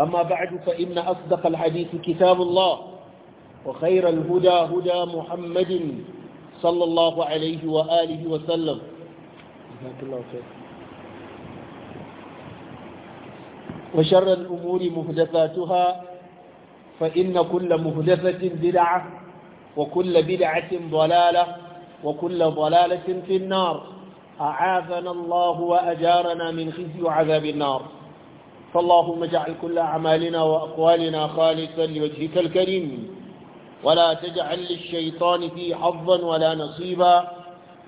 أما بعد فإن أصدق الحديث كتاب الله وخير الهدى هدى محمد صلى الله عليه وآله وسلم وشر الأمور مهدفاتها فإن كل مهدفة بدعة وكل بدعة ضلالة وكل ضلالة في النار أعاذنا الله وأجارنا من خزي وعذاب النار فاللهم اجعل كل أعمالنا وأقوالنا خالصا لوجهك الكريم ولا تجعل للشيطان فيه حظا ولا نصيبا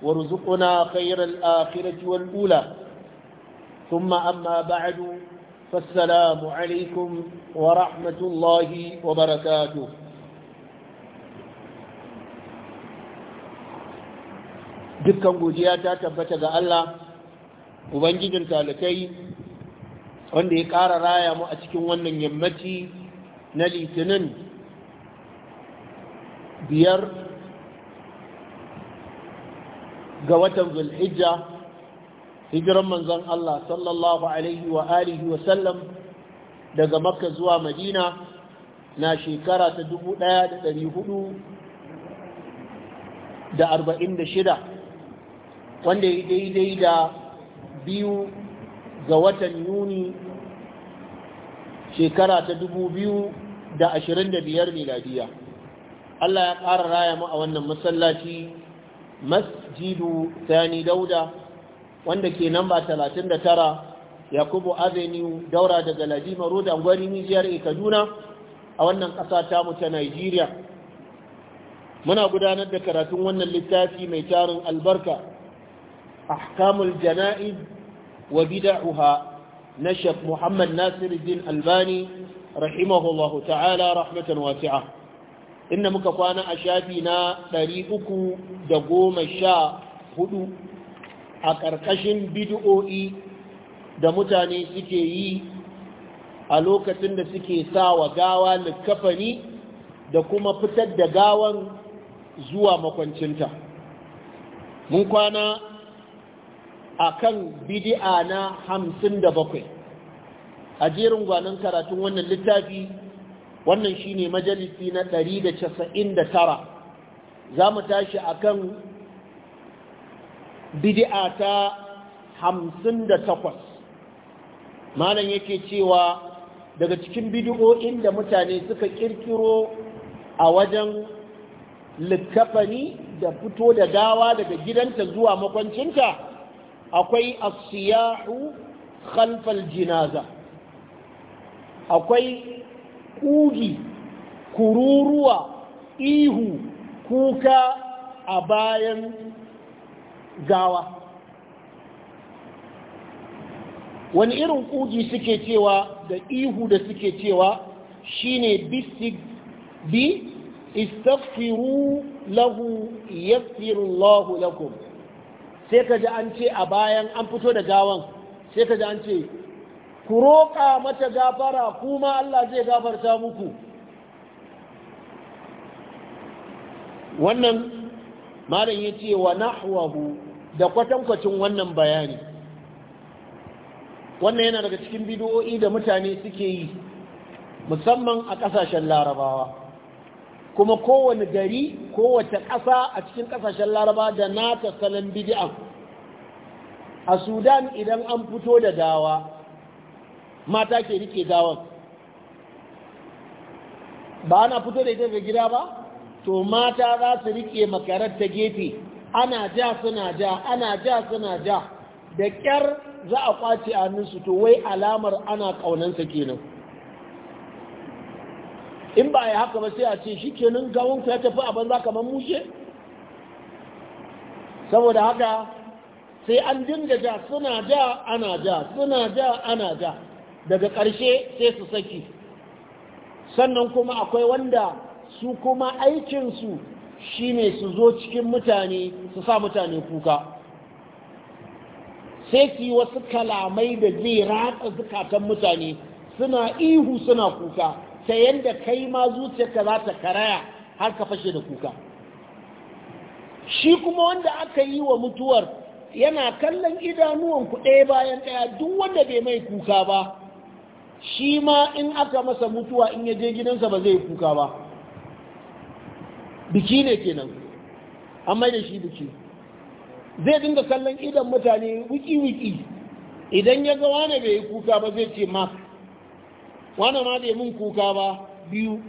وارزقنا خير الآخرة والأولى ثم أما بعد فالسلام عليكم ورحمة الله وبركاته dukkan godiya ta tabbata ga Allah Ubangijin wanda ya ƙara raya mu a cikin wannan yammaci na litinin biyar ga watan zulhijja hijiran manzon Allah sallallahu alaihi wa alihi wa sallam daga makka zuwa madina na shekara ta dubu ɗaya da da da arba'in da shida, wanda ya daidai da biyu ga watan yuni shekara ta dubu biyu da da miladiya Allah ya ƙara raya mu a wannan masallaci masjidu sani dauda wanda ke namba tara yakubu avenue daura daga ladima road angwari nijiyar kaduna a wannan ƙasa tamu ta nigeria muna gudanar da karatun wannan littafi mai tarin albarka ahkamul jana'iz وبدعها نشط محمد ناصر الدين الباني رحمه الله تعالى رحمة واسعة إن مكفانا أشافينا طريقك دقوم الشاء هدو أكركشن بدؤوئي da mutane suke yi a lokacin da suke sa wa gawa likafani da kuma fitar da gawan zuwa makwancinta mun kwana A kan bidi'a na hamsin da bakwai a jerin gwanon karatun wannan littafi wannan shi ne majalisi na ɗari da casa'in da tara za mu tashi a kan bidi'a ta hamsin da takwas malam yake cewa daga cikin bidi'oin da mutane suka kirkiro a wajen likkafani da fito da gawa daga gidanta zuwa makwancinta akwai asiyahu khalfal jinaza akwai ƙugi kururuwa ihu kuka a bayan gawa wani irin ƙugi suke cewa da ihu da suke cewa shine bisig bi istaghfiru lahu yaghfirullahu lakum sai ka ji an ce a bayan an fito da gawan sai ka ji an ce ku roƙa mata gafara kuma Allah zai gafarta muku wannan malam ya ce wa nahwahu da kwatankwacin wannan bayani wannan yana daga cikin bidiyo'i da mutane suke yi musamman a ƙasashen larabawa kuma kowane gari kowace ƙasa a cikin ƙasashen laraba da nata salon bidi'an a sudan idan an fito da dawa mata ke rike dawan ba ana fito da ita daga gida ba to mata za su rike makarar ta gefe ana ja suna ja ana ja suna ja da ƙyar za a kwace a ninsu to wai alamar ana ƙaunansa kenan in ba ya haka ba sai a ce shi kenan gawon ya tafi a banza kamar mushe saboda haka sai an dinga ja suna ja ana ja suna ja ana ja daga ƙarshe sai su saki sannan kuma akwai wanda su kuma aikinsu shi ne su zo cikin mutane su sa mutane kuka sai su yi wasu kalamai da zai ratsa zukatan mutane suna ihu suna kuka ta yanda kai ma zuciyarka za ta karaya har ka fashe da kuka shi kuma wanda aka yi wa mutuwar yana kallon idanuwan kuɗe bayan ɗaya duk wanda bai mai kuka ba shi ma in aka masa mutuwa in ya je gidansa ba zai kuka ba biki ne kenan amma da shi biki zai dinga kallon idan mutane wiki-wiki idan ya gawa ne bai yi kuka ba zai ce mafi wani ma zai mun kuka ba biyu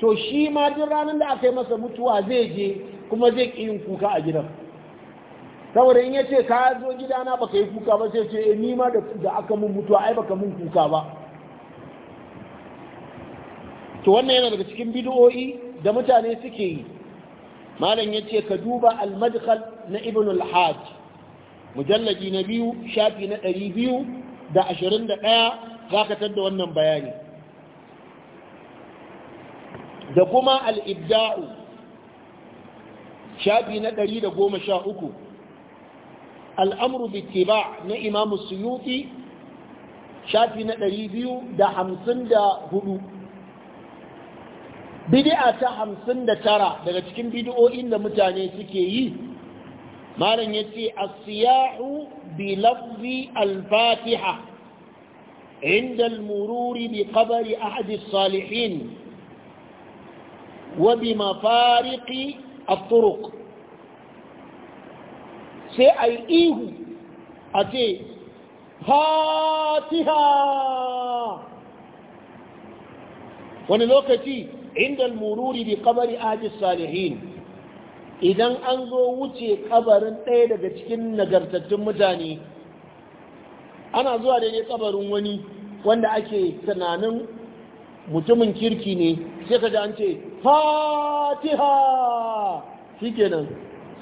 to shi ma duk ranar da aka yi masa mutuwa zai je kuma zai ƙi yin kuka a gidan saboda in ya ce ka zo gidana baka yi kuka ba sai ce eh, ni ma da aka mun mutuwa ai baka mun kuka ba to wannan yana daga cikin bidiyoyi da mutane suke yi malam ya ce ka duba almadkhal na ibn al-hajj mujalladi na biyu shafi na ɗari biyu da ashirin da ɗaya dakatar da wannan bayani da kuma al'ibda'u shafi na ɗari da goma sha uku al'amuru bittiba na imamu suyuti shafi na ɗari biyu da hamsin da hudu bidi'a ta hamsin da tara daga cikin bidi'o'in da mutane suke yi malam ya ce asiyahu bi lafzi al-fatiha عند المرور بقبر أحد الصالحين وبمفارق الطرق سأيئيه أتي هاتها ونلوكتي عند المرور بقبر أحد الصالحين idan an zo wuce kabarin ɗaya daga cikin nagartattun mutane ana zuwa daidai kabarin wani wanda ake tunanin mutumin kirki ne sai ka ji an ce fatiha shi kenan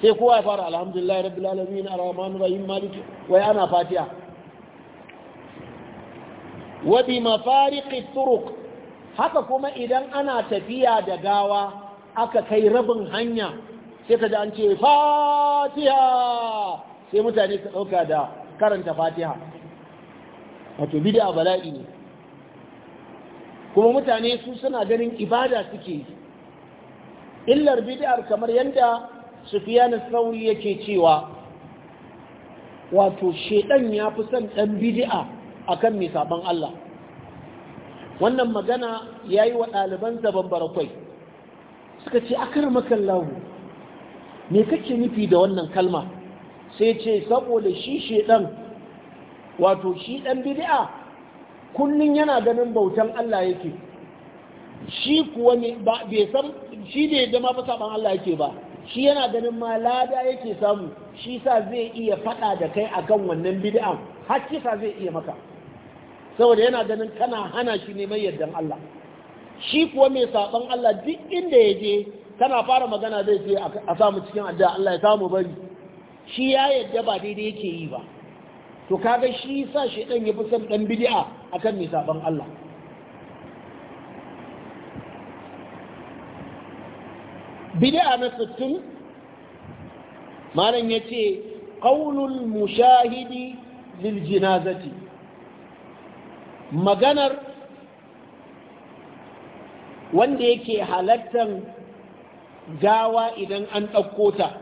sai kowa ya fara alhamdulillah rabbil alamin arrahman rahim malik wai ana fatiha wa bi mafariqi turuq haka kuma idan ana tafiya da gawa aka kai rabin hanya sai ka ji an ce fatiha sai mutane su dauka da karanta fatiha wato bid'a bala'i ne kuma mutane su suna ganin ibada suke yi illar bid'ar kamar yadda sufiyan sauri yake cewa wato shedan ya fi son dan bid'a akan mai saban Allah wannan magana yayi wa ɗaliban zaban barakwai suka ce akar makallahu me kake nufi da wannan kalma sai ce saboda shi shedan wato shi ɗan bidia. kullum yana ganin bautan Allah yake shi kuwa ne ba bai san shi da yadda ma saban Allah yake ba shi yana ganin ma lada yake samu shi sa zai iya faɗa da kai akan wannan bid'a har sa zai iya maka saboda yana ganin kana hana shi ne mai yardan Allah shi kuwa mai saban Allah duk inda ya je kana fara magana zai je a samu cikin addu'a Allah ya samu bari shi ya yadda ba daidai yake yi ba to kaga shi sa shi ɗan ya fi son bid'a bidi'a akan mai saban Allah bidi'a na sittin malam yace ce mushahidi lil jinazati maganar wanda yake halattan gawa idan an ɗauko ta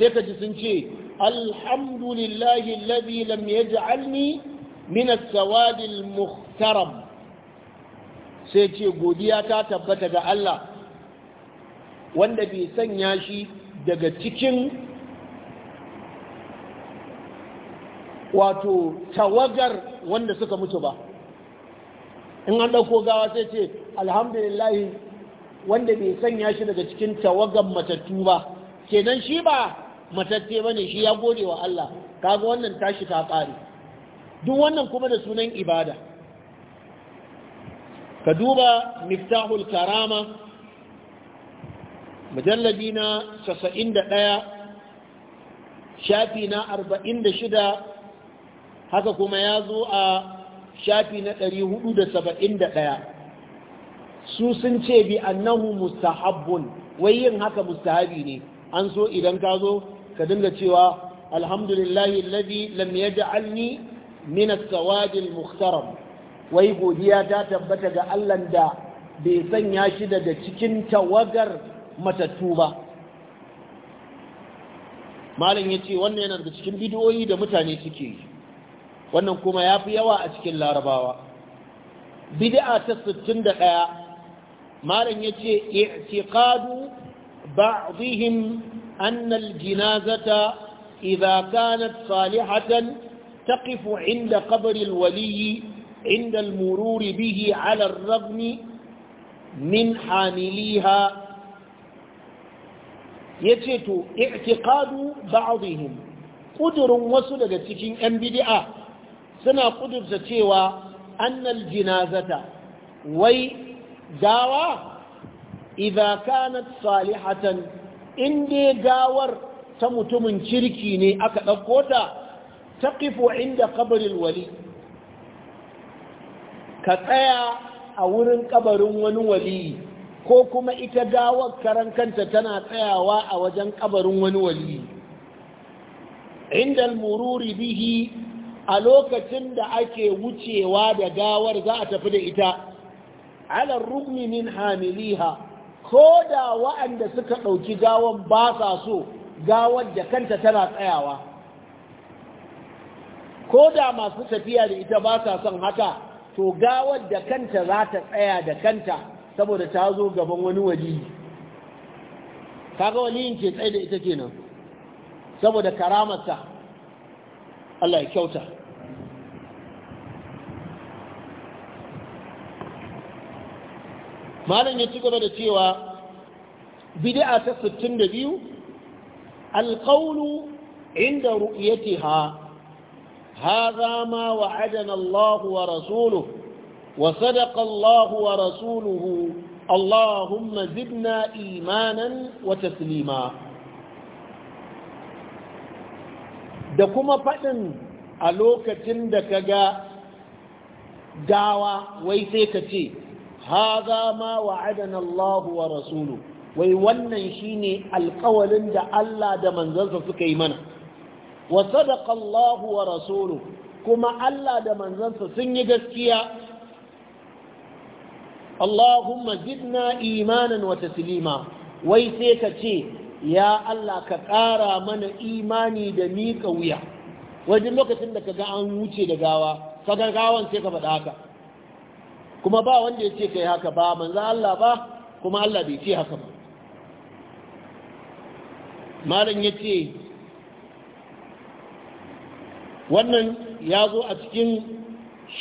sai ka ji sun ce الحمد لله الذي لم يجعلني من السواد المخترم ta tabbata ga Allah wanda bai sanya shi daga cikin wato tawagar wanda suka mutu ba in an ɗauko gawa sai ce alhamdulillahi wanda bai sanya shi daga cikin tawagar matattu ba kenan shi ba ba bane shi ya gode wa Allah kaga wannan tashi ta kare duk wannan kuma da sunan ibada ka duba miftahul karama mujalladi na 91 shafi na 46 haka kuma ya zo a shafi na 471 su sun ce bi annahu mustahabbun wai yin haka mustahabi ne an so idan ka zo ka dinga cewa alhamdulillahi alladhi lam yaj'alni min as-sawadi wai godiya ta tabbata ga Allah da bai sanya shi daga cikin tawagar matattu ba malam yace wannan yana daga cikin bidiyoyi da mutane suke yi wannan kuma yafi yawa a cikin larabawa bid'a ta 61 malam yace i'tiqadu ba'dihim أن الجنازة إذا كانت صالحة تقف عند قبر الولي عند المرور به على الرغم من حامليها يجت اعتقاد بعضهم قدر وصل لتكين أنبداء سنة قدر ستيوى أن الجنازة وي داوى إذا كانت صالحة in dai gawar ta mutumin kirki ne aka ɗauko ta ta kifo inda kabarin wali ka tsaya a wurin ƙabarin wani wali ko kuma ita gawar karan kanta tana tsayawa a wajen ƙabarin wani wali inda mururi bihi a lokacin da ake wucewa da gawar za a tafi da ita alar rukmi min hamiliha ko da wa'anda suka ɗauki gawon ba sa so gawar da kanta tana tsayawa ko da masu tafiya da ita ba sa son haka to gawar da kanta za ta tsaya da kanta saboda ta zo gaban wani wali kaga waliyin ke tsaye da ita kenan saboda karamarsa Allah ya kyauta malam ya ci gaba da cewa bid'a ta 62 alqawlu inda ru'yatiha hadha ma wa'adana Allah wa rasuluhu وصدق الله ورسوله اللهم imanan wa taslima. da kuma faɗin a lokacin da ka ga gawa wai sai ka ce haza ma wa'adana wa rasulu wai wannan shine alƙawalin da Allah da manzansa suka yi mana wa sadaqa Allah wa rasuluhu kuma Allah da manzansa sun yi gaskiya Allahumma zidna imanan wa taslima wai sai ka ce ya Allah ka ƙara mana imani da miƙa wuya wajen lokacin da ka ga an wuce da gawa ka gawan sai ka faɗa haka kuma ba wanda ya ce kai haka ba manzan Allah ba kuma Allah bai ce haka ba malam ya ce wannan ya zo a cikin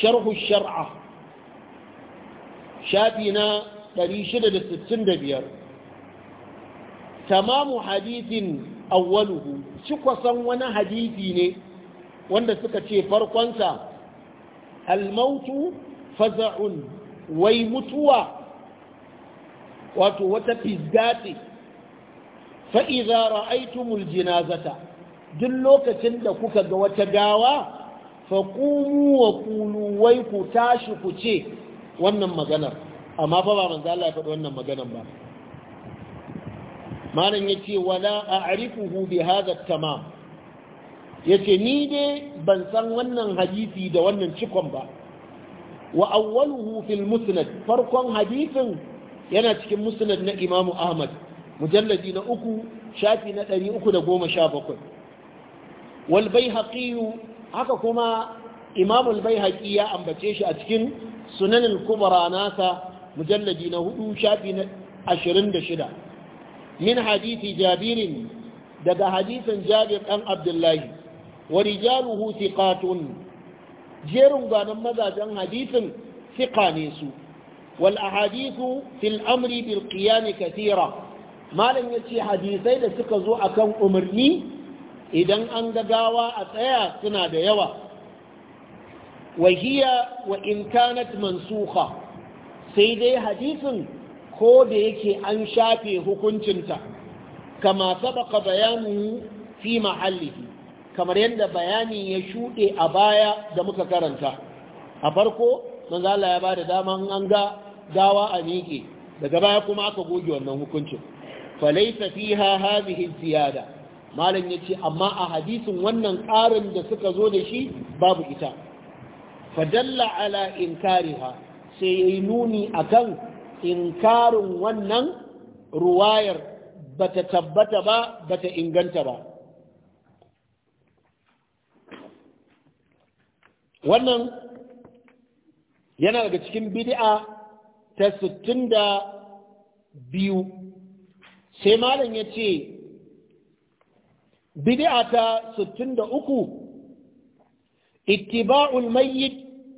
sharhu shar'a shafi na 665 tamamu hadithin awwaluhu shi kwasan wani hadithi ne wanda suka ce farkonsa almautu faza'un wai mutuwa wato wata fizga ce fa'iza ra'aitumul jinazata duk lokacin da kuka ga wata gawa faƙumu wa kulu wai ku tashi ku ce wannan maganar amma fa ba manzo Allah ya faɗi wannan maganar ba malam yace wala a'rifuhu bi hadha tamam yace ni dai ban san wannan hadisi da wannan cikon ba wa awwaluhu fil musnad farkon hadisin yana cikin musnad na Imam Ahmad mujalladi na uku shafi na 317 wal baihaqi haka kuma Imam al ya ambace shi a cikin sunan al nasa mujalladi na hudu shafi na shida. min hadisi jabirin daga hadisin jabir ɗan abdullahi wa rijaluhu thiqatun jerin gwanon mazajen hadisin fiqa ne su wal ahadithu fil amri bil qiyam kathira malam yace hadisai da suka zo akan umarni idan an gagawa a tsaya suna da yawa wa hiya wa in kanat mansukha sai dai hadisin ko da yake an shafe hukuncinta kama sabaka bayanin fi mahallihi kamar yadda bayani ya shuɗe a baya da muka karanta a farko manzala ya ba da daman an ga gawa a miƙe daga baya kuma aka goge wannan hukuncin falaisa fiha hadhihi ziyada malam ce, amma a hadisin wannan ƙarin da suka zo da shi babu ita fadalla ala inkariha sai ya yi nuni akan inkarin wannan ruwayar ba ta tabbata ba ba ta inganta ba wannan yana daga cikin bid'a ta sittin da biyu sai malam ya ce bid'a ta sittin da uku ittiba'ul mayyit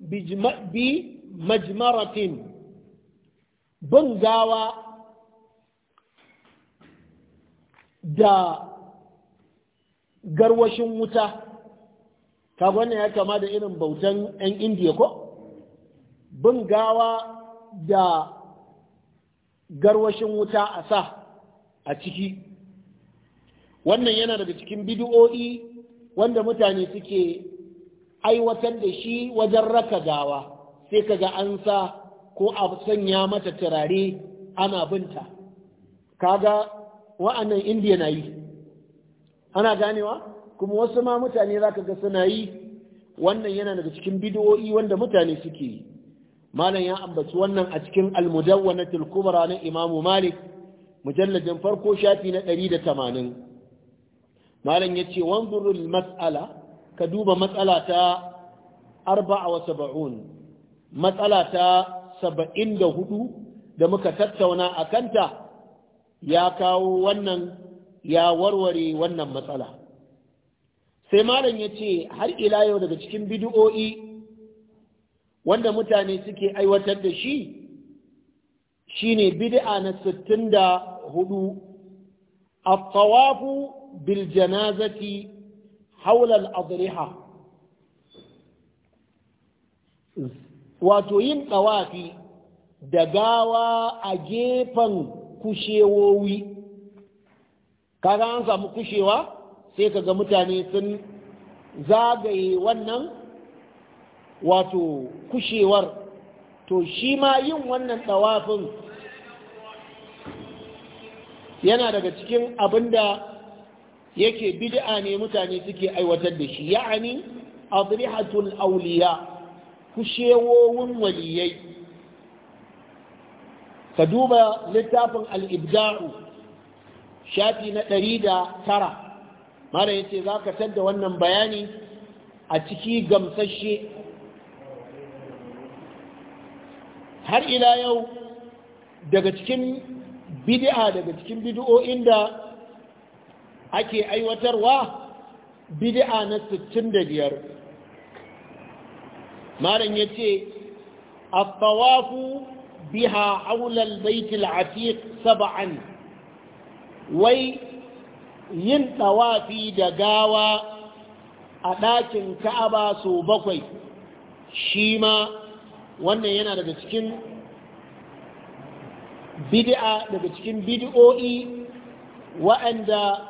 bi majmaratin bin gawa da garwashin wuta Ka wannan ya kama da irin bautan 'yan indiya ko bin gawa da garwashin wuta a sa a ciki wannan yana daga cikin bidiyo'i wanda mutane suke aiwatar da shi wajen raka gawa sai kaga an sa ko a sanya mata turare ana binta kaga wa'annan indiya na yi ana ganewa? kuma wasu ma mutane za ka ga suna yi wannan yana daga cikin bidiyo'i wanda mutane suke yi malam ya ambaci wannan a cikin almudawwanatul kubra na imamu malik mujalladin farko shafi na 180 malam yace wanzurul mas'ala ka duba matsala ta 74 matsala ta 74 da muka tattauna akanta ya kawo wannan ya warware wannan matsala sai malam ya ce har ila yau daga cikin bidiyo'i wanda mutane suke aiwatar da shi shine bid'a na 64 at-tawafu bil janazati hawla al-adriha wato yin tawafi da gawa a gefen kushewowi kaga an samu kushewa sai ka ga mutane sun zagaye wannan wato kushewar to shi ma yin wannan tawafin yana daga cikin abinda da yake bid'a ne mutane suke aiwatar da shi ya'ani adrihatul awliya kushewowin waliyai ka duba littafin al-ibda'u shafi na ɗari da tara mara yace za ka tadda wannan bayani a ciki gamsashe har ila yau daga cikin bid'a daga cikin bid'o'in da ake aiwatarwa bid'a na 65 maran yace at-tawafu biha hawla al-bayt al-atiq sab'an wai yin ɗawafi da gawa a ɗakin ka'aba so bakwai shi ma wannan yana daga cikin bid'a daga cikin bid'o'i waɗanda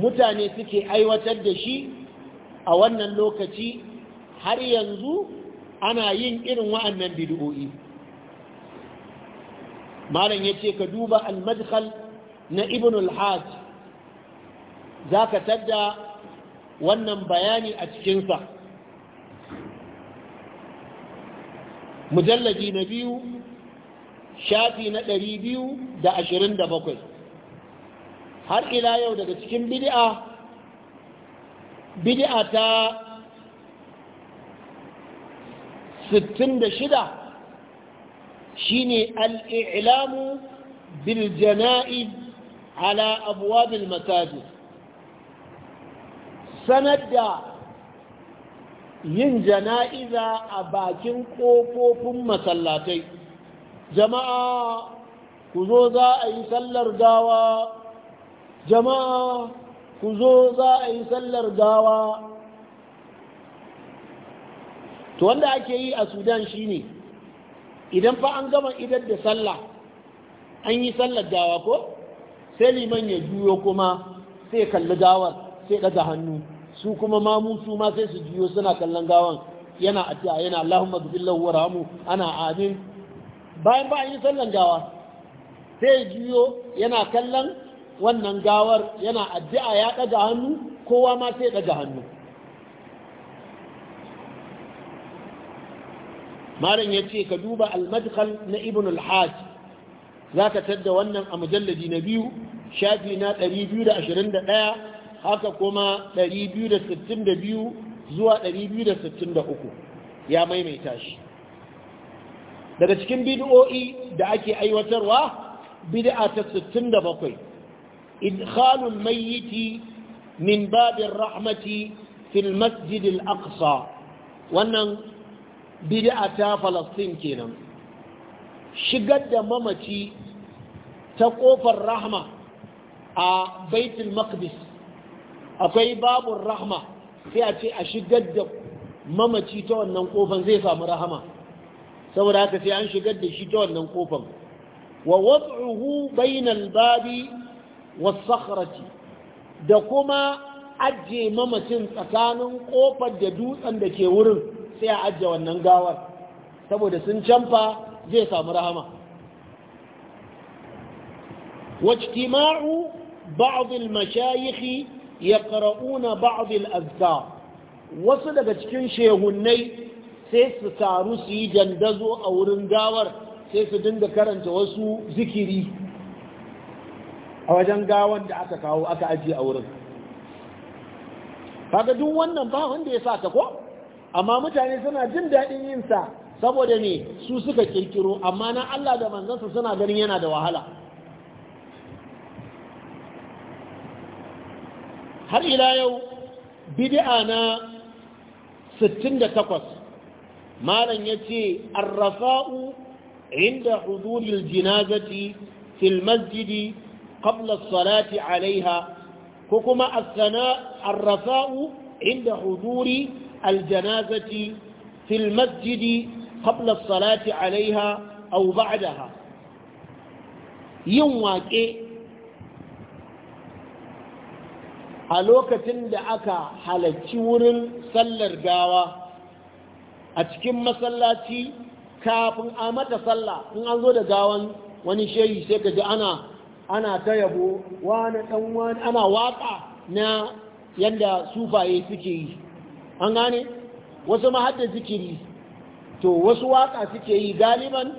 mutane suke aiwatar da shi a wannan lokaci har yanzu ana yin irin wa'annan bid'o'i malam ya ce ka duba al-madkhal na ibn al-hajj za ka tadda wannan bayani a cikinsa mujallaji na biyu shafi na ɗari biyu da ashirin da bakwai har ila yau daga cikin bid'a bid'a ta sittin da shida shine al'ilamu biljana'i ala abuwa bilmasajid sanar da yin jana'iza a bakin ƙofofin masallatai jama'a ku zo za a yi sallar gawa jama'a ku zo za a yi sallar gawa to wanda ake yi a sudan shine idan fa an gama idar da sallah an yi sallar gawa ko sai liman ya juyo kuma sai kalli gawar sai ɗaga hannu su kuma mamu su ma sai su jiyo suna kallon gawan yana addu'a yana Allahumma ghfir lahu warhamhu ana amin bayan ba yi sallan gawa sai jiyo yana kallon wannan gawar yana addu'a ya daga hannu kowa ma sai daga hannu malam yace ka duba al na ibn al-hajj ka tadda wannan a mujalladi na biyu shafi na 221 haka kuma 262 zuwa 263 ya maimaita shi daga cikin bid'o'i da ake aiwatarwa bid'a ta 67 idkhalul mayyiti min babir rahmati fil masjid al-aqsa wannan bid'a ta Falastin kenan shigar da mamaci ta kofar rahma a baitul maqdis akwai babun rahma sai a ce a shigar da mamaci ta wannan kofan zai samu rahama saboda haka sai an shigar da shi ta wannan kofan wa wad'uhu bainal babi was sakhrati da kuma ajje mamacin tsakanin kofar da dutsen da ke wurin sai a ajje wannan gawar saboda sun canfa zai samu rahama wajtima'u ba'd al mashayikh Ya ƙara'una al azka wasu daga cikin shehunnai sai su taru su yi dandazo a wurin gawar sai su dinga karanta wasu zikiri a wajen gawar da aka kawo aka ajiye a wurin kaga duk wannan ba wanda ya sa ta ko amma mutane suna jin daɗin yinsa saboda ne su suka kirkiro amma na Allah da manzansa suna ganin yana da wahala har ila yau bid'a na 68 malam yace arrafa'u inda huduril jinazati fil masjidi qabla as-salati 'alayha ko kuma as-sana arrafa'u inda huduri al-janazati fil qabla as-salati 'alayha aw ba'daha yin waƙe a lokacin da aka halarci wurin sallar gawa a cikin masallaci kafin a mata sallah in an zo da gawan wani shehi sai ka ji ana ana ta yabo wani dan wani ana waka na yanda sufaye suke yi an gane wasu mahadda zikiri to wasu waka suke yi galiban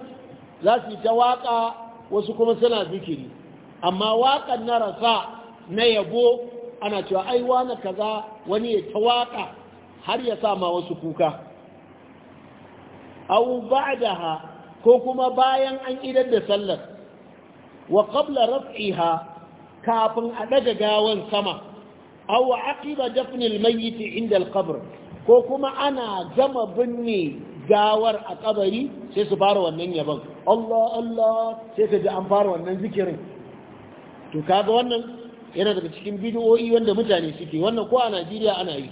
za su yi ta waka wasu kuma suna zikiri amma wakan na rasa na yabo ana cewa ai wani kaza wani ya tawaka har ya sama wasu kuka au ba'daha ko kuma bayan an idar da sallar wa qabla raf'iha kafin a daga gawan sama au aqiba dafnil mayyit inda al ko kuma ana gama binne gawar a kabari sai su fara wannan yabon Allah Allah sai ka ji an fara wannan zikirin to kaga wannan yana daga cikin bidiyoyi wanda mutane suke wannan ko a Najeriya ana yi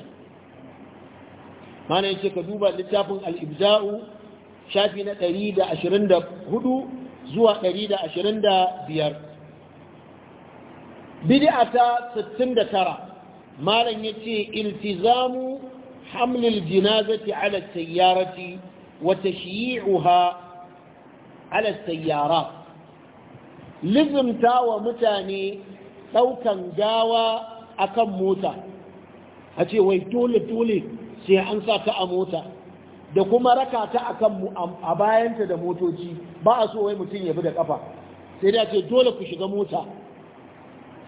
mana yace ka duba littafin al shafi na 124 zuwa 125 bid'a ta 69 malam yace iltizamu حمل الجنازة على السيارة وتشييعها على السيارات wa mutane. Daukan gawa akan mota a ce wai dole-dole sai an sa ta a mota da kuma raka ta akan a bayanta da motoci ba a so wai mutum ya bi da kafa sai da ce dole ku shiga mota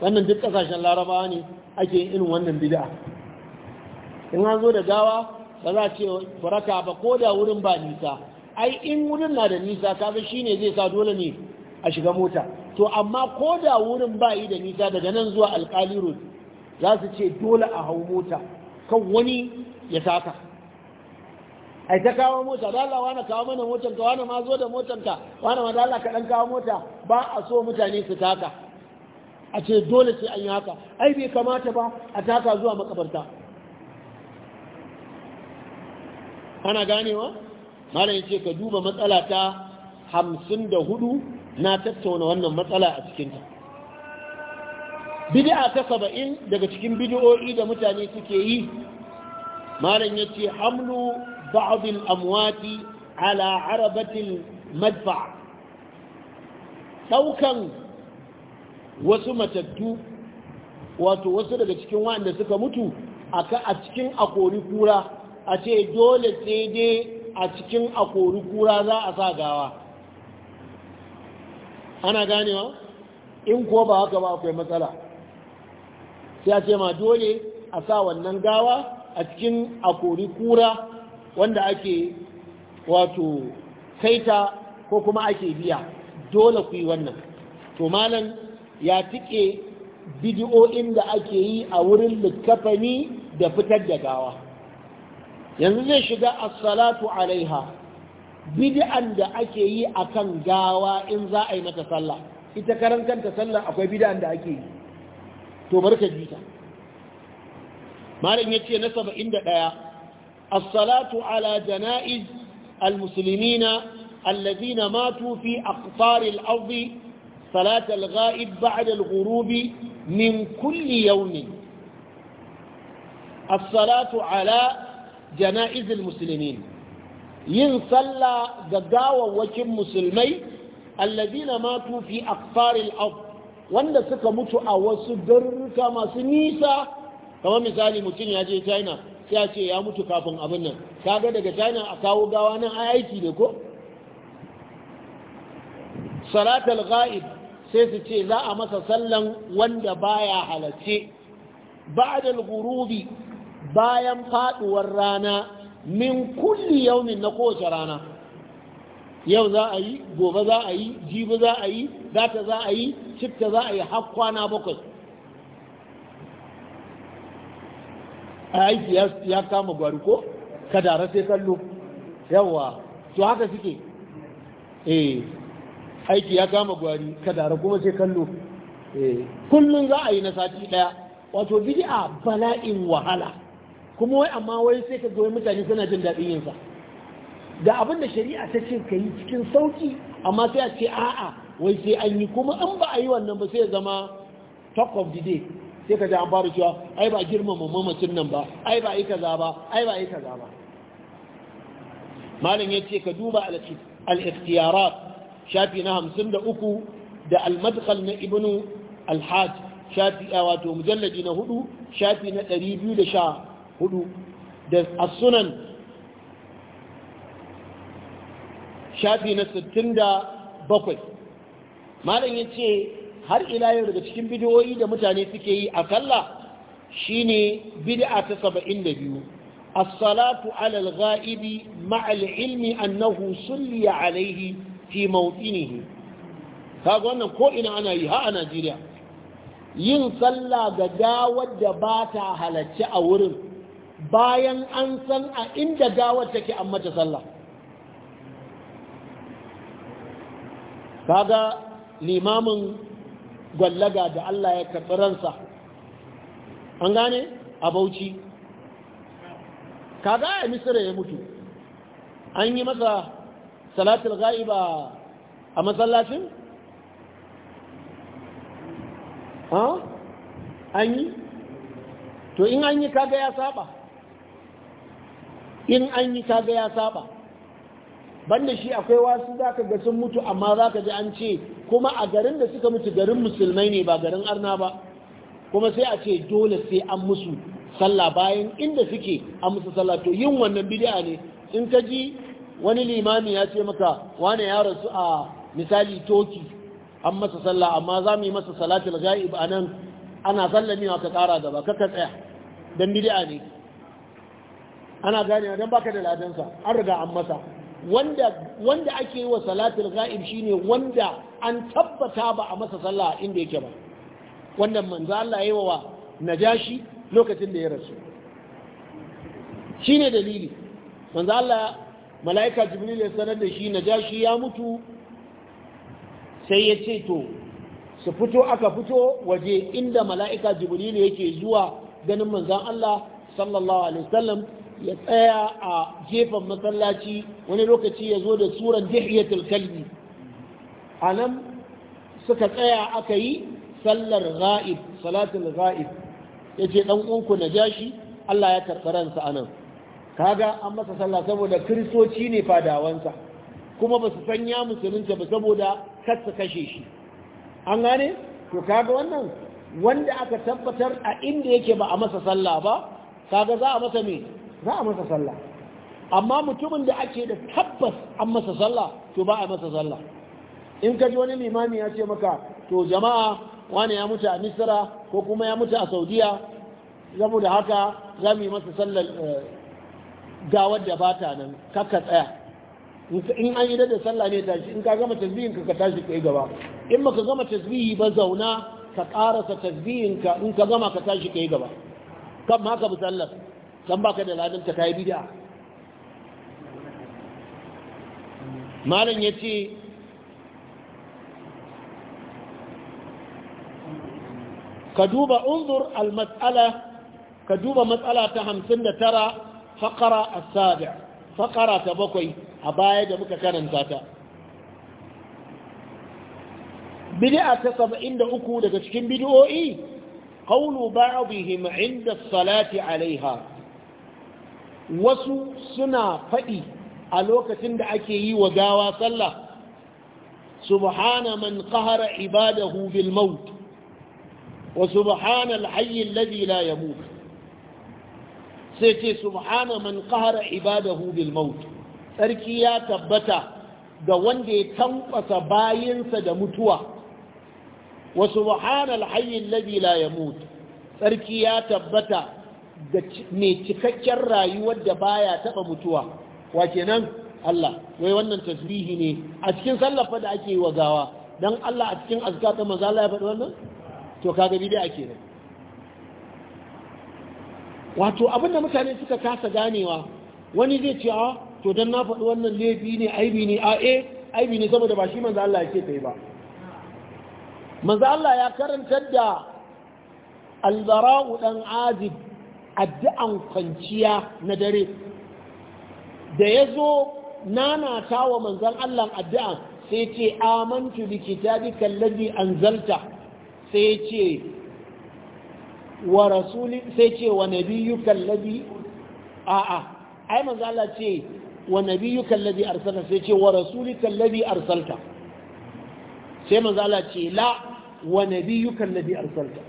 wannan duk kasashen larabawa ne ake irin wannan bid'a in an zo da gawa ba za ce faraka ba ko da wurin ba nisa ai in wurin na da nisa kaga shine zai sa dole ne a shiga mota to amma ko da wurin ba yi da nisa daga nan zuwa alkali road za su ce dole a hau mota kan wani ya taka ai ta kawo mota dala wani kawo mana motanka wani ma zo da motanka wani ma dala kaɗan kawo mota ba a so mutane su taka a ce dole sai an yi haka ai bai kamata ba a taka zuwa makabarta ana ganewa malam yace ka duba matsala ta hamsin da hudu na tattauna wannan matsala a cikinta bid'a ta saba'in daga cikin bid'o'i da mutane suke yi malam ya ce hamlu ba'adil amwati ala arabatil madfa ɗaukan wasu matattu wato wasu daga cikin waɗanda suka mutu a cikin akori kura a ce dole sai dai a cikin akori kura za a sa gawa ana ganewa in kuwa ba haka ba akwai matsala sai a ce ma dole a sa wannan gawa a cikin akori kura wanda ake wato kaita ko kuma ake biya dole ku yi wannan to malam ya tike bidiyo da ake yi a wurin littafani da fitar da gawa yanzu zai shiga assalatu salatu alaiha bid'an da ake yi akan gawa in za a yi mata sallah ita karan kanta sallah akwai bid'an da ake yi to barka ji ta malam yace na 71 as-salatu ala janaiz al-muslimina alladhina matu fi aqtar al-ardi salat al-ghaib ba'da al-ghurub min kulli yawm as-salatu ala janaiz al muslimina yin sallah ga wakin musulmai alladina matu fi aqfaril ard wanda suka mutu a wasu garuruka masu nisa kamar misali mutum ya je china sai ya ce ya mutu kafin abin nan kaga daga china a kawo gawa nan a aiki ne ko salatul ghaib sai su ce za a masa sallan wanda baya halarce ba'da al-ghurubi bayan faduwar rana min kulli yaumin na kowace rana yau za a yi gobe za a yi jibi za a yi data za a yi cifta za a yi har kwana bakwai aiki ya kama gwari ko ka dara sai kallo yawa to haka suke eh aiki ya kama gwari ka dara kuma sai kallo eh, Kullum za a yi na sati daya wato a bala'in wahala kuma wai amma wai sai ka goyi mutane suna jin daɗin yinsa da abin da shari'a ta ce ka yi cikin sauƙi. amma sai a ce a'a wai sai an yi kuma an ba a yi wannan ba sai ya zama talk of the day sai ka ji an fara cewa ai ba girmama mamacin nan ba ai ba yi kaza ba ai ba yi kaza ba malam ya ce ka duba al-ikhtiyarat shafi na hamsin da uku da al-madkhal na ibnu al-hajj shafi wato mujalladi na hudu shafi na ɗari biyu da sha hudu da sunan shafi na 67 malam yace har ila yau daga cikin bidiyoyi da mutane suke yi a kalla shine bid'a ta 72 as-salatu 'ala al-gha'ibi ma'a al-'ilmi annahu sulliya 'alayhi fi mawtinihi kaga wannan ko ina ana yi ha a Najeriya yin sallah ga dawar da ba ta halarci a wurin bayan an san a inda gawar take an mace sallah kaga limamin gwallaga da Allah ya karɓi ransa an gane a bauchi kaga a misira ya mutu an yi masa salatul ga'iba a masallacin? an yi? to in an yi kaga ya saba in an yi kaga ya saba banda shi akwai wasu za ka ga sun mutu amma za ka ji an ce kuma a garin da suka mutu garin musulmai ne ba garin arna ba kuma sai a ce dole sai an musu sallah bayan inda suke an musu sallah to yin wannan bid'a ne in ka ji wani limami ya ce maka wane ya rasu a misali toki an masa sallah amma za mu yi masa salatul ghaib anan ana wa ka kara gaba ka ka tsaya dan bid'a ne ana gane don baka da ladansa an riga an masa wanda ake yi wa salatul ga'ib shine wanda an tabbata ba a masa sallah inda yake ba wannan manzo Allah yayi wa najashi lokacin da ya rasu shine dalili manzo Allah malaika jibril ya sanar da shi najashi ya mutu sai ya ce to su fito aka fito waje inda mala'ika jibril yake zuwa ganin manzan Allah sallallahu alaihi wasallam ya tsaya a gefen masallaci wani lokaci ya zo da suran dihiyatul kalbi a nan suka tsaya aka yi sallar za'id salatul za'id ya ce ɗan uku na jashi Allah ya karɓaransa a nan kaga an masa sallah saboda kiristoci ne fadawansa kuma ba su sanya ya musulunta ba saboda kar kashe shi an gane to kaga wannan wanda aka tabbatar a inda yake ba a masa sallah ba kaga za a masa me za a masa sallah amma mutumin da ake da tabbas an masa sallah to ba a masa sallah in ka ji wani limami ya ce maka to jama'a wani ya mutu a misira ko kuma ya mutu a saudiya zamu da haka za mu yi masa sallar eh, gawar da ba ta nan kakka tsaya in an yi da sallah ne tashi in ka gama tasbihin ka ka tashi kai gaba in baka gama tasbihi ba zauna ka karasa tasbihin ka in ka gama ka tashi kai gaba kan ma ka bi sallar san baka da ladanta yi bid'a malam yace ka duba unzur al matsala ka duba matsala ta tara faqara a sada faqara ta bakwai a baya da muka karanta ta bidi'a ta uku daga cikin ba qawlu ba'dihim 'inda salati alaiha. wasu suna faɗi a lokacin da ake yi wa gawa sallah subhana man qahara ibadahu bil maut wa subhana al hayy alladhi la yamut sai ce subhana man qahara ibadahu bil maut sarki ya tabbata ga wanda ya tankwasa bayinsa da mutuwa wa subhana al hayy alladhi la yamut sarki ya tabbata da mai cikakken rayuwar da baya taba mutuwa wa kenan Allah wai wannan tasbihi ne a cikin sallafa da ake yi wa gawa dan Allah a cikin ta manzo Allah ya faɗi wannan to kaga da ake nan wato abinda mutane suka kasa ganewa wani zai ce a ah, to dan na faɗi wannan laifi ne aibi ne a eh aibi ne saboda ba shi manzo Allah ya ce kai ba manzo Allah ya karantar da al al-bara'u dan azib addu'an kwanciya na dare da ya zo nanata wa manzan Allah addu'an, sai ce amantu bi kitabika alladhi anzalta sai ce wa rasuli sai ce wa nabiyyuka alladhi a a ai manzo Allah ce wa nabiyyuka kallabi arsalta sai ce wa rasuli kallabi arsalta sai manzo Allah ce la wa nabiyyuka alladhi arsalta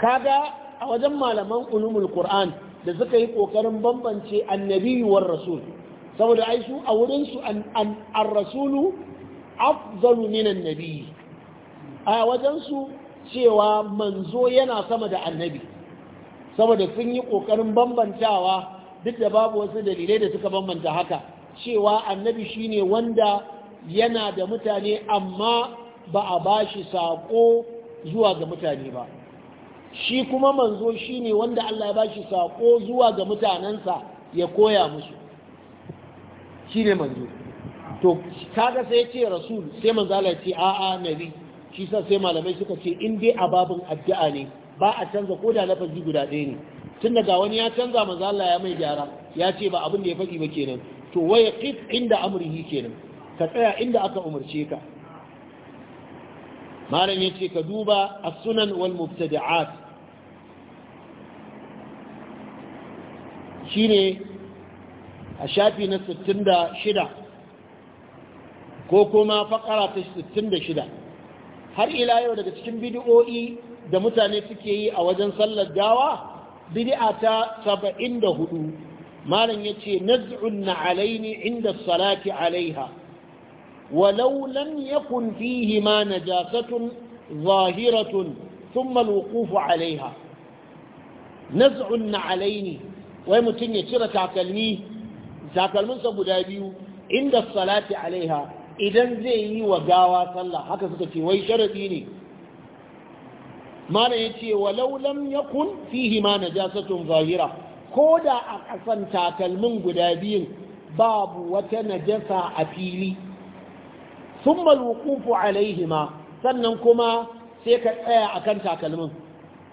kaga a wajen malaman ulumul qur'an da suka yi kokarin bambance annabi war rasul saboda ai su a wurin su an ar-rasulu afdalu min annabi a wajen su cewa manzo yana sama da annabi saboda sun yi kokarin bambantawa duk da babu wasu dalilai da suka bambanta haka cewa annabi shine wanda yana da mutane amma ba a bashi sako zuwa ga mutane ba shi kuma manzo shi ne wanda Allah ya ba shi saƙo zuwa ga mutanensa ya koya musu shi ne manzo to kaga sai ce rasul sai manzo ya ce a'a nabi shi sa sai malamai suka ce in dai a addu'a ne ba a canza ko da lafazi guda ɗaya ne tun daga wani ya canza manzo Allah ya mai gyara ya ce ba abin da ya faɗi ba kenan to waya qif inda amrihi kenan ka tsaya inda aka umarce ka malam ya ce ka duba as-sunan wal mubtadi'at shine a shafi na 66 ko kuma fakara ta 66 har ila yau daga cikin bidiyo'i da mutane suke yi a wajen sallar dawa bid'a ta 74 malam ya ce naz'un alaini inda salati alaiha ولو لم يكن فيهما نجاسة ظاهرة ثم alaiha naz'un نزع Alaini. wai mutum ya cire takalmi takalminsa guda biyu inda salati alaiha idan zai yi wa gawa sallah haka suka ce wai sharadi ne mana ya ce ya lam yakun fihi ma najasatun zahira ko da a kasan takalmin guda biyun babu wata najasa a fili thumma alwuqufu alaihima sannan kuma sai ka tsaya akan takalmin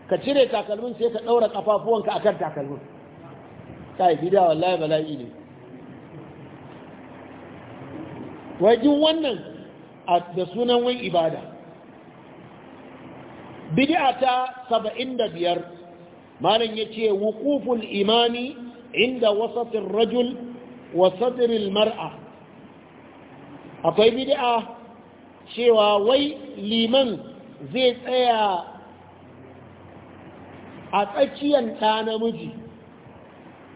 ka cire takalmin sai ka daura kafafuwanka akan takalmin kai bid'a wallahi bala'i ne wajin wannan da sunan wani ibada bid'a ta da biyar, malam yace wukufun imami inda wasafin rajul wasafin mar'a akwai bid'a cewa wai liman zai tsaya a tsakiyar ta namiji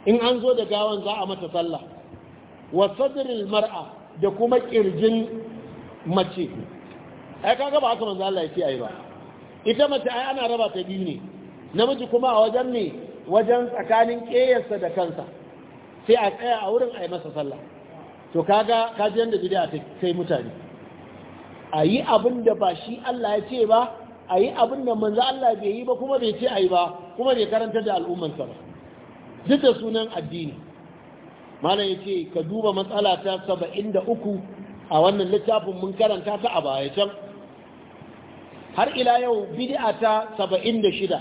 in an zo da gawan za a mata sallah wa sadril mar'a da kuma kirjin mace ai kaga ba haka manzo Allah yake ai ba ita mace ai ana raba ta biyu ne namiji kuma a wajen ne wajen tsakanin kiyarsa da kansa sai a tsaya a wurin ai masa sallah to kaga kaji yanda bid'a ta kai mutane ayi abin da ba shi Allah ya ce ba ayi abin da manzo Allah bai yi ba kuma bai ce ayi ba kuma bai karanta da al'umman sa ba duk da sunan addini malam ya ce ka duba matsala ta saba'in da uku a wannan littafin mun karanta ta a baya can har ila yau bid'a ta saba'in da shida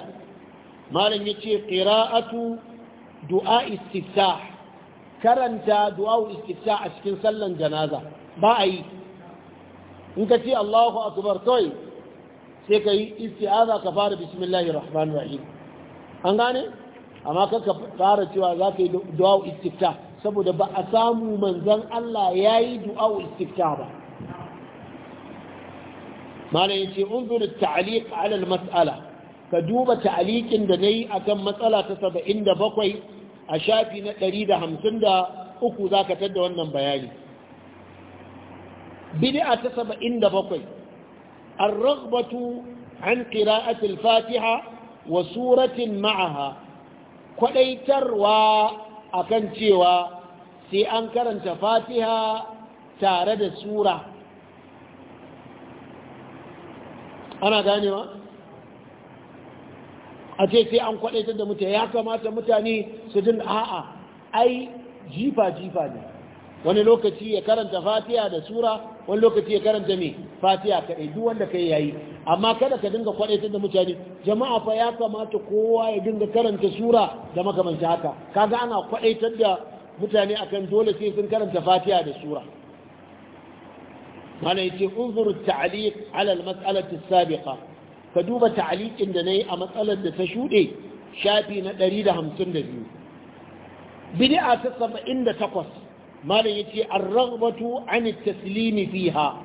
malam ya ce ƙira'atu du'a istifta karanta du'a istifta a cikin sallan janaza ba a yi in ka ce allahu akbar kawai sai ka yi isti'aza ka fara bismillahir rahmanir rahim an gane amma kaka fara cewa za ka yi du'a istifta saboda ba a samu manzan Allah ya yi du'a istifta ba mana yace unzur ta'liq ala al-mas'ala ka duba ta'liqin da nayi akan matsala ta 77 a shafi na 153 zaka tada wannan bayani bid'a ta 77 ar-raghbatu an qira'ati al-fatiha wa suratin ma'aha kwadaitarwa akan cewa sai an karanta fatiha tare da sura ana ganewa a ce sai an kwadaitar da mutane ya kamata mutane su jin a'a ai jifa-jifa ne wani lokaci ya karanta Fatiya da sura wani lokaci ya karanta me fatiha kaɗai duk wanda yi yayi amma kada ka dinga kwadaitar da mutane jama'a fa ya kamata kowa ya dinga karanta sura da makamanci haka kaga ana kwaɗaitar da mutane akan dole sai sun karanta Fatiya da sura mana yace unzuru ta'liq ala al-mas'alati as-sabiqa ka duba ta'liqin da nayi a matsalar da ta shude shafi na 152 bid'a ta 78 malam ce an raghbatu an at-taslimi fiha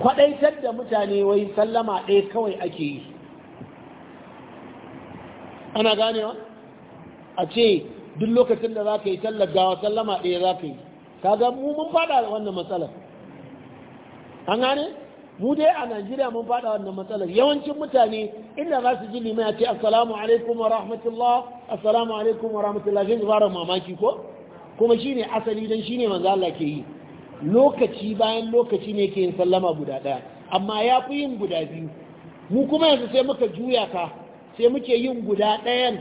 kwadaitar da mutane wai sallama ɗaya kawai ake yi ana ganewa a ce duk lokacin da za ka yi sallar gawa sallama ɗaya za ka yi ga mu mun fada wannan matsalar an gane mu dai a najeriya mun fada wannan matsalar yawancin mutane inda za su ji limai a ce assalamu alaikum wa rahmatullah assalamu alaikum wa rahmatullah zai fara mamaki ko kuma shine asali don shine ne manzala ke yi lokaci bayan lokaci ne ke yin sallama guda ɗaya amma ya fi yin guda biyu mu kuma yanzu sai muka juya ka sai muke yin guda ɗayan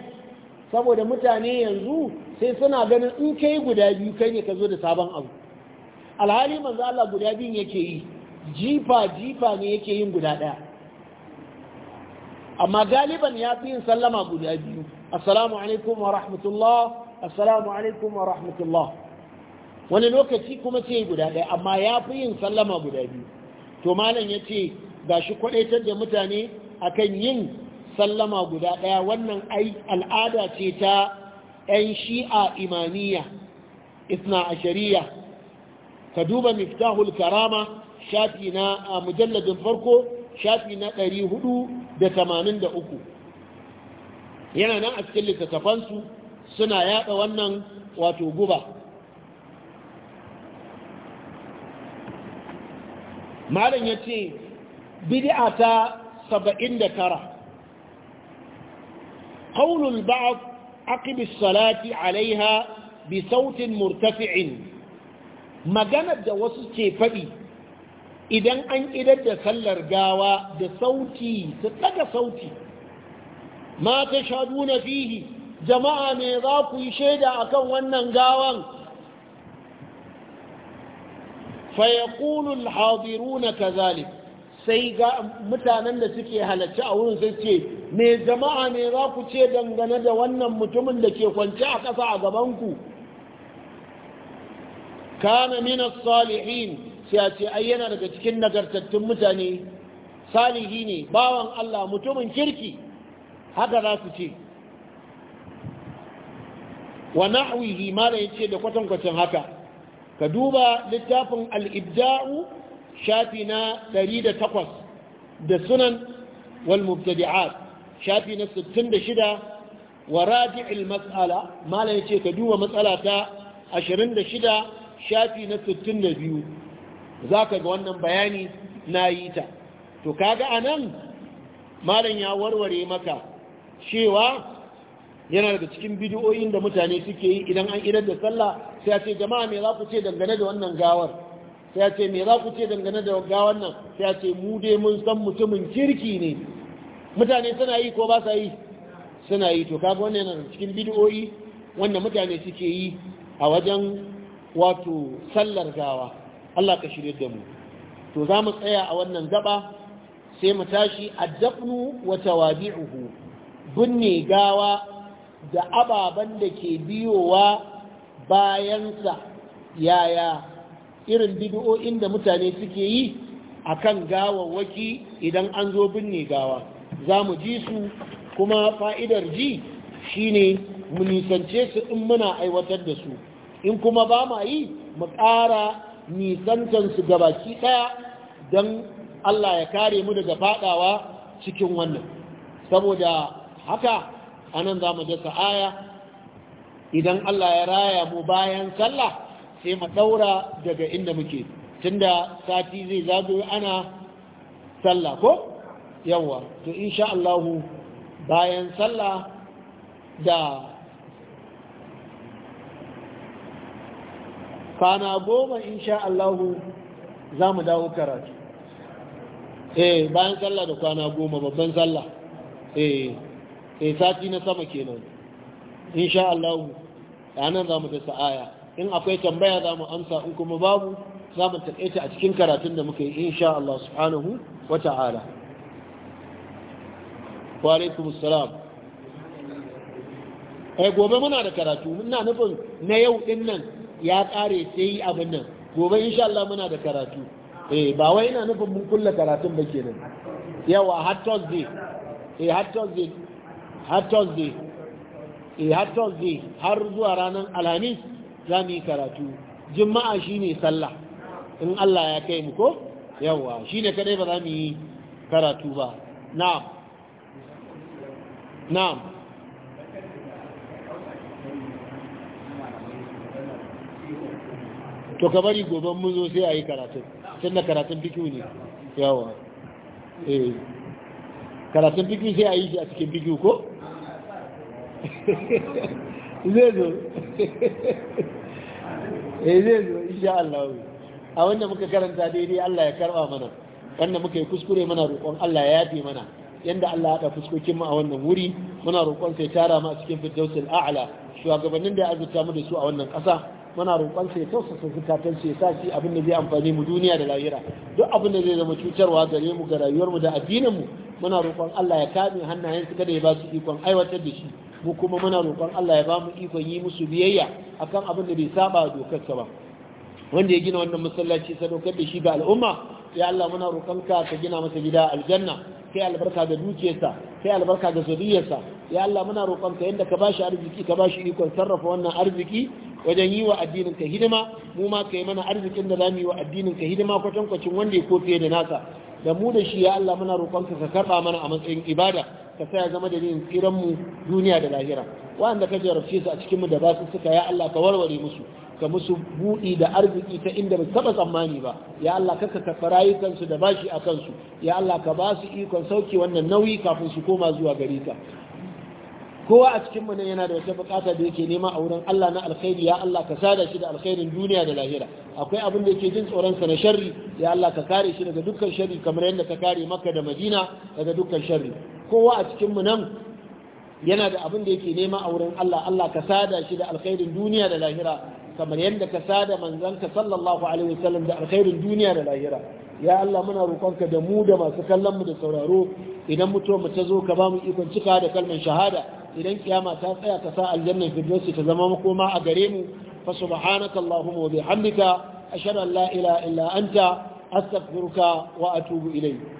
saboda mutane yanzu sai suna ganin in kai guda biyu kai ne ka zo da sabon abu alhali manzala guda biyun yake yi jifa jifa ne yake yin guda ɗaya amma galiban ya fi yin sallama guda biyu assalamu alaikum wa rahmatullah assalamu alaikum wa rahmatullah wani lokaci kuma ce guda ɗaya amma ya fi yin sallama guda biyu to malam ya ce ga shi kwaɗaitar da mutane akan yin sallama guda ɗaya wannan al'ada ce ta 'yan shi'a imaniya isna a shari'a ka duba miftahul karama shafi na a mujalladin farko shafi na 483 yana nan a cikin littattafansu suna yada wannan wato guba malam ya ce bid'a ta 79 qaulul ba'd aqib as-salati 'alayha bi sautin murtafi'in maganar da wasu ke faɗi idan an idar da sallar gawa da sauti su daga sauti ma ta shaɗu na fihi jama'a me za ku yi shaida a kan wannan gawan fayakulul na kazali sai ga mutanen da suke halarci a wurin sai ce me jama'a ne za ku ce dangane da wannan mutumin da ke kwance a ƙasa a gabanku kana mina salihin sai a ce ai yana daga cikin nagartattun mutane salihi ne bawan Allah mutumin kirki haka za su ce wa nahwihi mala yace da kwatankwacin haka ka duba littafin al-ibda'u shafi na 108 da sunan wal mubtadi'at shafi na 66 wa raji'il mas'ala mala yace ka duba matsala ta 26 shafi na 62 zaka ga wannan bayani na yi ta to kaga anan malam ya warware maka cewa yana daga cikin bidiyoyin da mutane suke yi idan an idar da sallah sai ya ce jama'a me za ku ce dangane da wannan gawar sai ya ce me za ku ce dangane da gawar nan sai ya ce mu dai mun san mutumin kirki ne mutane suna yi ko ba sa yi suna yi to kaga wannan yana cikin bidiyoyi wanda mutane suke yi a wajen wato sallar gawa Allah ka shirye da mu to za mu tsaya a wannan gaba sai mu tashi addafnu wa tawabi'uhu binne gawa da ababen da ke biyowa bayansa yaya irin bidiyo'in da mutane suke yi a kan waki idan an zo binne gawa za mu ji su kuma fa'idar ji shine mu nisance su in muna aiwatar da su in kuma ba ma yi mu ƙara nisantansu gabaki ɗaya don Allah ya kare mu daga faɗawa cikin wannan saboda haka anan za mu dasa aya idan Allah ya raya mu bayan sallah sai mu daura daga inda muke tunda sati zai zagaye ana sallah ko yawa to insha Allah bayan sallah da kana goma insha Allah za mu dawo karatu eh bayan sallah da kana goma babban sallah eh sai eh, sati na sama kenan insha Allah anan zamu da sa'aya in akwai tambaya zamu amsa in kuma babu zamu takaita a cikin karatun da muka yi insha Allah subhanahu wata'ala wa alaikum assalam eh gobe muna da karatu Ina nufin na yau din nan ya kare sai abin nan gobe insha Allah muna da karatu eh ba wai ina nufin mun kulla karatun ba kenan yawa har Thursday eh har Thursday har thursday eh har thursday har zuwa ranar alhamis za mu yi karatu juma'a shine sallah in Allah ya kai mu ko yawa shine kadai ba za mu yi karatu ba na'am na'am to ka bari gobe mun zo sai a yi karatun tun da karatun fikiyu ne yawa eh karatun fikiyu sai a yi shi a cikin fikiyu ko Eh, zai zo insha Allah a wanda muka karanta daidai Allah ya karba mana wanda muka yi kuskure mana roƙon Allah ya yafe mana yanda Allah ya haɗa fuskokinmu a wannan wuri muna roƙon sai tara mu a cikin firdausul a'la shugabannin da ya azurta mu da su a wannan ƙasa muna roƙon sai tausasa zukatan sai sa shi abin da zai amfani mu duniya da lahira duk abin da zai zama cutarwa gare mu ga rayuwar mu da addinin mu muna roƙon Allah ya kame hannayen su kada ya ba su ikon aiwatar da shi mu kuma muna roƙon Allah ya ba mu ikon yi musu biyayya akan abin da bai saba ka ba wanda ya gina wannan masallaci sadaukar da shi ga al'umma ya Allah muna roƙon ka gina masa gida aljanna kai albarka ga dukiyarsa kai albarka ga zuriyarsa ya Allah muna ka yanda ka bashi arziki ka bashi ikon sarrafa wannan arziki wajen yi wa addinin ka hidima mu ma kai mana arzikin da zamu yi wa addinin ka hidima kwatankwacin wanda ya kofiye da nasa da mu da shi ya Allah muna roƙonka ka karɓa mana a matsayin ibada ka sa ya zama dalilin tsiran mu duniya da lahira wanda ka jarabce su a cikin mu da ba su suka ya Allah ka warware musu ka musu buɗi da arziki ta inda ba taɓa tsammani ba ya Allah ka ka karɓi rayukansu da bashi a kansu ya Allah ka ba su ikon sauki wannan nauyi kafin su koma zuwa gari ka kowa a cikin mu ne yana da wata bukata da yake nema a wurin Allah na alkhairi ya Allah ka sada shi da alkhairin duniya da lahira akwai abin da yake jin tsoron sa na sharri ya Allah ka kare shi daga dukkan sharri kamar yadda ka kare Makka da Madina daga dukkan sharri kowa a cikin mu nan yana da abin da yake nema a wurin Allah Allah ka sada shi da alkhairin duniya da lahira kamar yadda ka sada manzanka sallallahu alaihi wasallam da alkhairin duniya da lahira ya Allah muna roƙonka da mu da masu kallon mu da sauraro idan mutuwar mu ta zo ka ba mu ikon cika da kalmar shahada idan kiyama ta tsaya ta sa aljannar firdausi ta zama makoma a gare mu fa subhanaka allahumma wa bihamdika ashhadu an la ilaha illa anta astaghfiruka wa atubu ilayk